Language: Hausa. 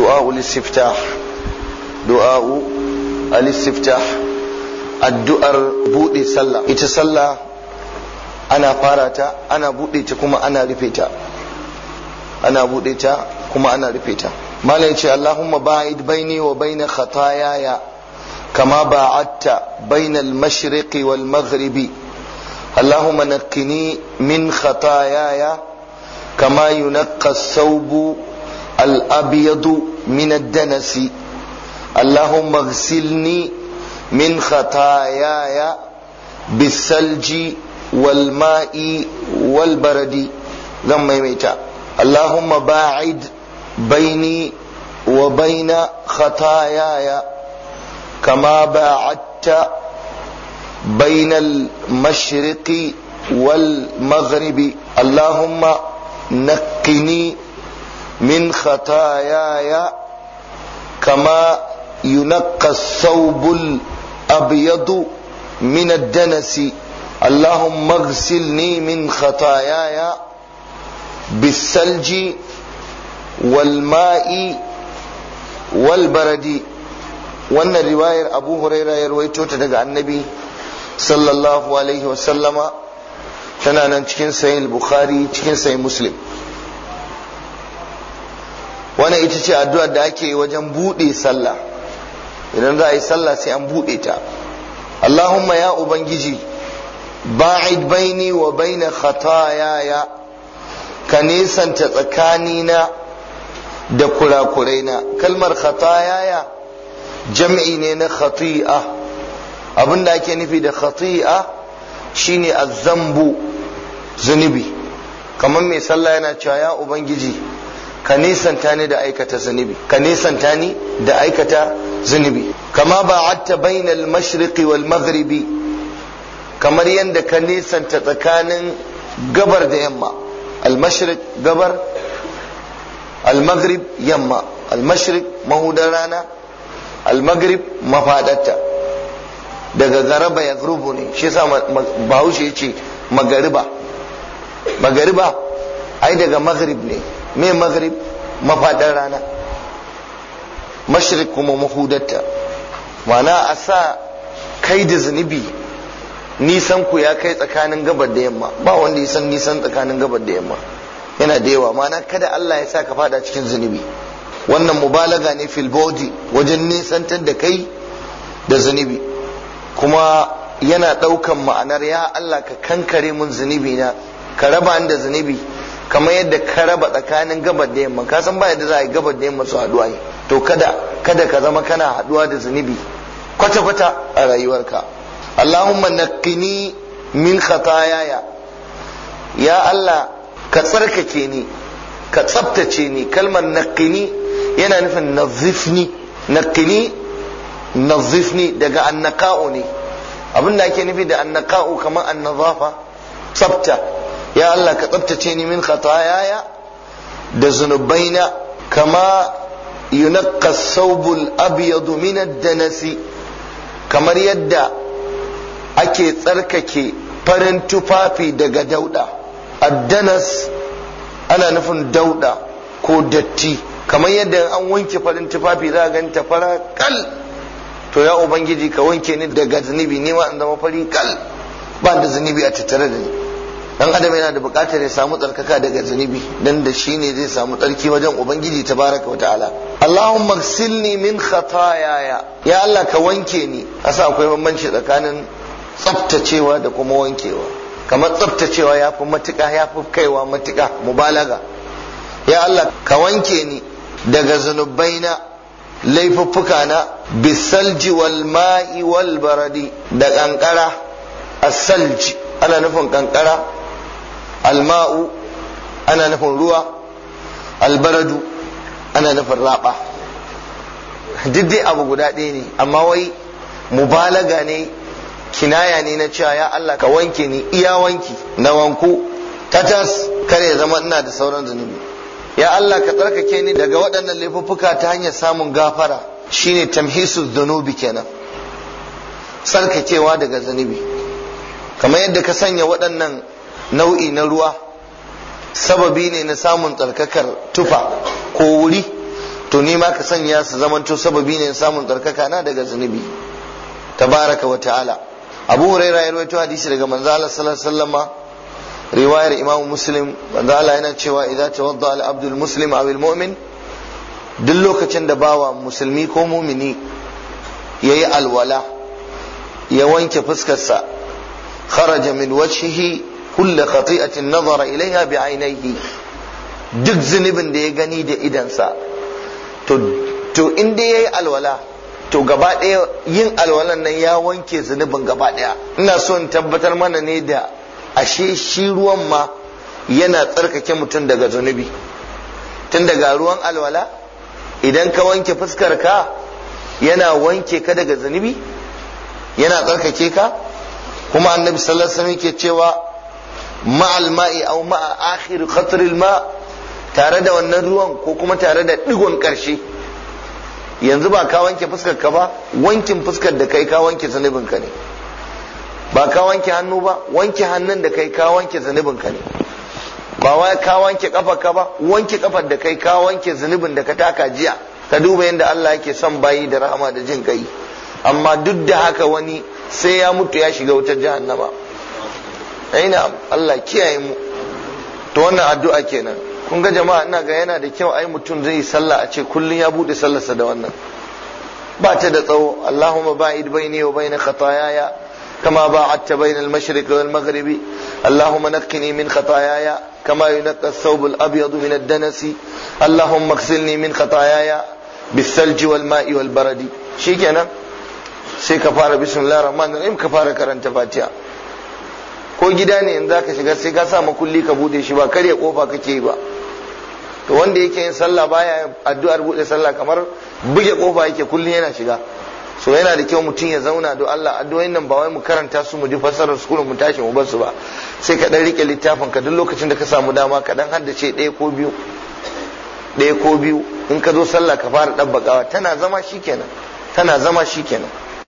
du'a listiftah duau al-istiftah addu'ar buɗe sallah ita sallah ana fara ta ana buɗe ta kuma ana rufe ta ana buɗe ta kuma ana rufe ta malam ce allahumma ba'id baini wa baina khatayaya kama ba'adta baina al-mashriqi wal maghribi allahumma naqqini min khatayaya kama yunqqa as-thawbu الأبيض من الدنس اللهم اغسلني من خطاياي بالثلج والماء والبرد ذم ميتا اللهم باعد بيني وبين خطاياي كما باعدت بين المشرق والمغرب اللهم نقني من خطاياي كما ينقى الثوب الأبيض من الدنس اللهم اغسلني من خطاياي بالثلج والماء والبرد wannan riwayar abu huraira ya rawaito ta daga annabi sallallahu alaihi wasallama tana nan cikin sayin bukhari cikin sayin muslim Wani ita ce addu'a da ake wajen buɗe sallah idan za a yi sallah sai an buɗe ta allahumma ya ubangiji ba'id baini wa baina ya ka nesanta tsakanina da kurakuraina kalmar ya jam'i ne na khati'a da ake nufi da khati'a shine azzambu zunubi kamar mai sallah yana cewa ya ubangiji ka nisanta ne da aikata zunubi ka nisanta ne da aikata zunubi kama ba ba'adta bainal mashriqi wal maghribi kamar yadda ka nisanta tsakanin gabar da yamma al mashriq gabar al maghrib yamma al mashriq mahudan rana al maghrib mafadatta daga garaba ya grubu ne shi yasa bahaushe ya ce magariba magariba ai daga maghrib ne me maghrib mafadar rana mashrik kuma mahudatta ma'ana a sa kai da zunubi nisan ku ya kai tsakanin gabar da yamma ba wanda ya san nisan tsakanin gabar da yamma yana da yawa ma'ana kada Allah ya sa ka fada cikin zunubi wannan mubalaga ne fil body wajen nisantar da kai da zunubi kuma yana ɗaukan ma'anar ya Allah ka kankare mun zunubi na ka raba da zunubi kamar yadda ka raba tsakanin gabar da yamma kasan ba yadda za a yi gabar da yamma su haɗuwa ne to kada kada ka zama kana haɗuwa da zunubi kwata kwata a rayuwarka Allahumma naqqini min khataayaya ya Allah ka tsarkake ni ka tsaftace ni kalmar naqqini yana nufin nazifni naqini nazifni daga annaqa'u ne abin da ake nufi da annaqa'u kamar annazafa tsafta. ya Allah ka tsabtace ni min khatayaya da zunubaina kama yunaqqa saubul abyad min ad-danasi kamar yadda ake tsarkake farin tufafi daga dauda Danas ana nufin dauda ko datti kamar yadda an wanke farin tufafi za a ganta fara kal to ya ubangiji ka wanke ni daga zunubi ni ma an zama fari kal ba da zunubi a tattare da ni dan adam yana da buƙatar ya samu tsarkaka daga zunubi dan da shi ne zai samu tsarki wajen ubangiji tabaraka wa ta'ala Allahumma silni min yaya. ya Allah ka wanke ni asa akwai bambanci tsakanin tsaftacewa da kuma wankewa kamar tsaftacewa ya fi matuƙa ya fi kaiwa matuƙa mubalaga ya Allah ka wanke ni daga zunubaina laifuffuka na bisalji wal ma'i wal baradi da kankara asalji ana nufin kankara alma'u ana nufin ruwa albaradu ana nufin raba duk dai abu guda ɗaya ne amma wai mubalaga ne kinaya ne na cewa ya Allah ka wanke ni iya wanki na wanku tatas kare ya zama ina da sauran zunubi ya Allah ka tsarkake ni daga waɗannan laifuffuka ta hanyar samun gafara shine tamhisu zunubi kenan tsarkakewa daga zunubi kamar yadda ka sanya waɗannan nau'i na ruwa sababi ne na samun tsarkakar tufa ko wuri to ni ka sanya su zamanto sababi ne na samun tsarkaka na daga zunubi tabaraka wa ta'ala abu huraira ya rawaito hadisi daga manzo Allah sallallahu alaihi wasallam riwayar imamu muslim manzo yana cewa idza tawadda al abdul muslim aw al mu'min duk lokacin da bawa musulmi ko mumini yayi alwala ya wanke fuskarsa kharaja min wajhihi كل خطيئة nazara ilaiha bi ainihi duk zunubin da ya gani da idansa to in dai yayi alwala to gaba ɗaya yin alwalan nan ya wanke zunubin gaba ɗaya ina so in tabbatar mana ne da ashe shi ruwan ma yana tsarkake mutum daga zunubi tun daga ruwan alwala idan ka wanke fuskar ka yana wanke ka daga zunubi yana tsarkake ka kuma annabi sallallahu alaihi wasallam yake cewa ma'al ma'i au ma'a akhir al ma tare da wannan ruwan ko kuma tare da digon karshe yanzu ba ka wanke fuskar ka ba wankin fuskar da kai ka wanke zanubin ka ne ba ka wanke hannu ba wanke hannun da kai ka wanke zanubin ka ne ba wai ka wanke kafar ka ba wanke kafar da kai ka wanke zanubin da ka taka jiya ka duba yadda Allah yake son bayi da rahama da jin kai amma duk da haka wani sai ya mutu ya shiga wutar jahannama Aina Allah kiyaye mu to wannan addu'a kenan kun ga jama'a ina ga yana da kyau ai mutum zai yi sallah a ce kullun ya bude sallarsa da wannan ba ta da tsawo Allahumma ba'id baini wa baina khataayaya kama ba'adta baina al-mashriq wal maghribi Allahumma naqqini min khataayaya kama yunqqa ath-thawb al-abyad min ad-danasi Allahumma ighsilni min khataayaya bis-salji wal ma'i wal baradi shikenan sai ka fara bismillahir rahmanir rahim ka fara karanta fatiha ko gida ne yanzu ka shiga sai ka sa makulli ka bude shi ba karya kofa kake yi ba to wanda yake yin sallah baya addu'ar bude sallah kamar buge kofa yake kullun yana shiga so yana da kyau mutum ya zauna don Allah addu'o'in nan ba wai mu karanta su mu ji fassarar su mu tashi mu bar ba sai ka dan rike littafin ka duk lokacin da ka samu dama ka dan haddace ɗaya ko biyu ɗaya ko biyu in ka zo sallah ka fara dabbakawa tana zama shikenan tana zama shikenan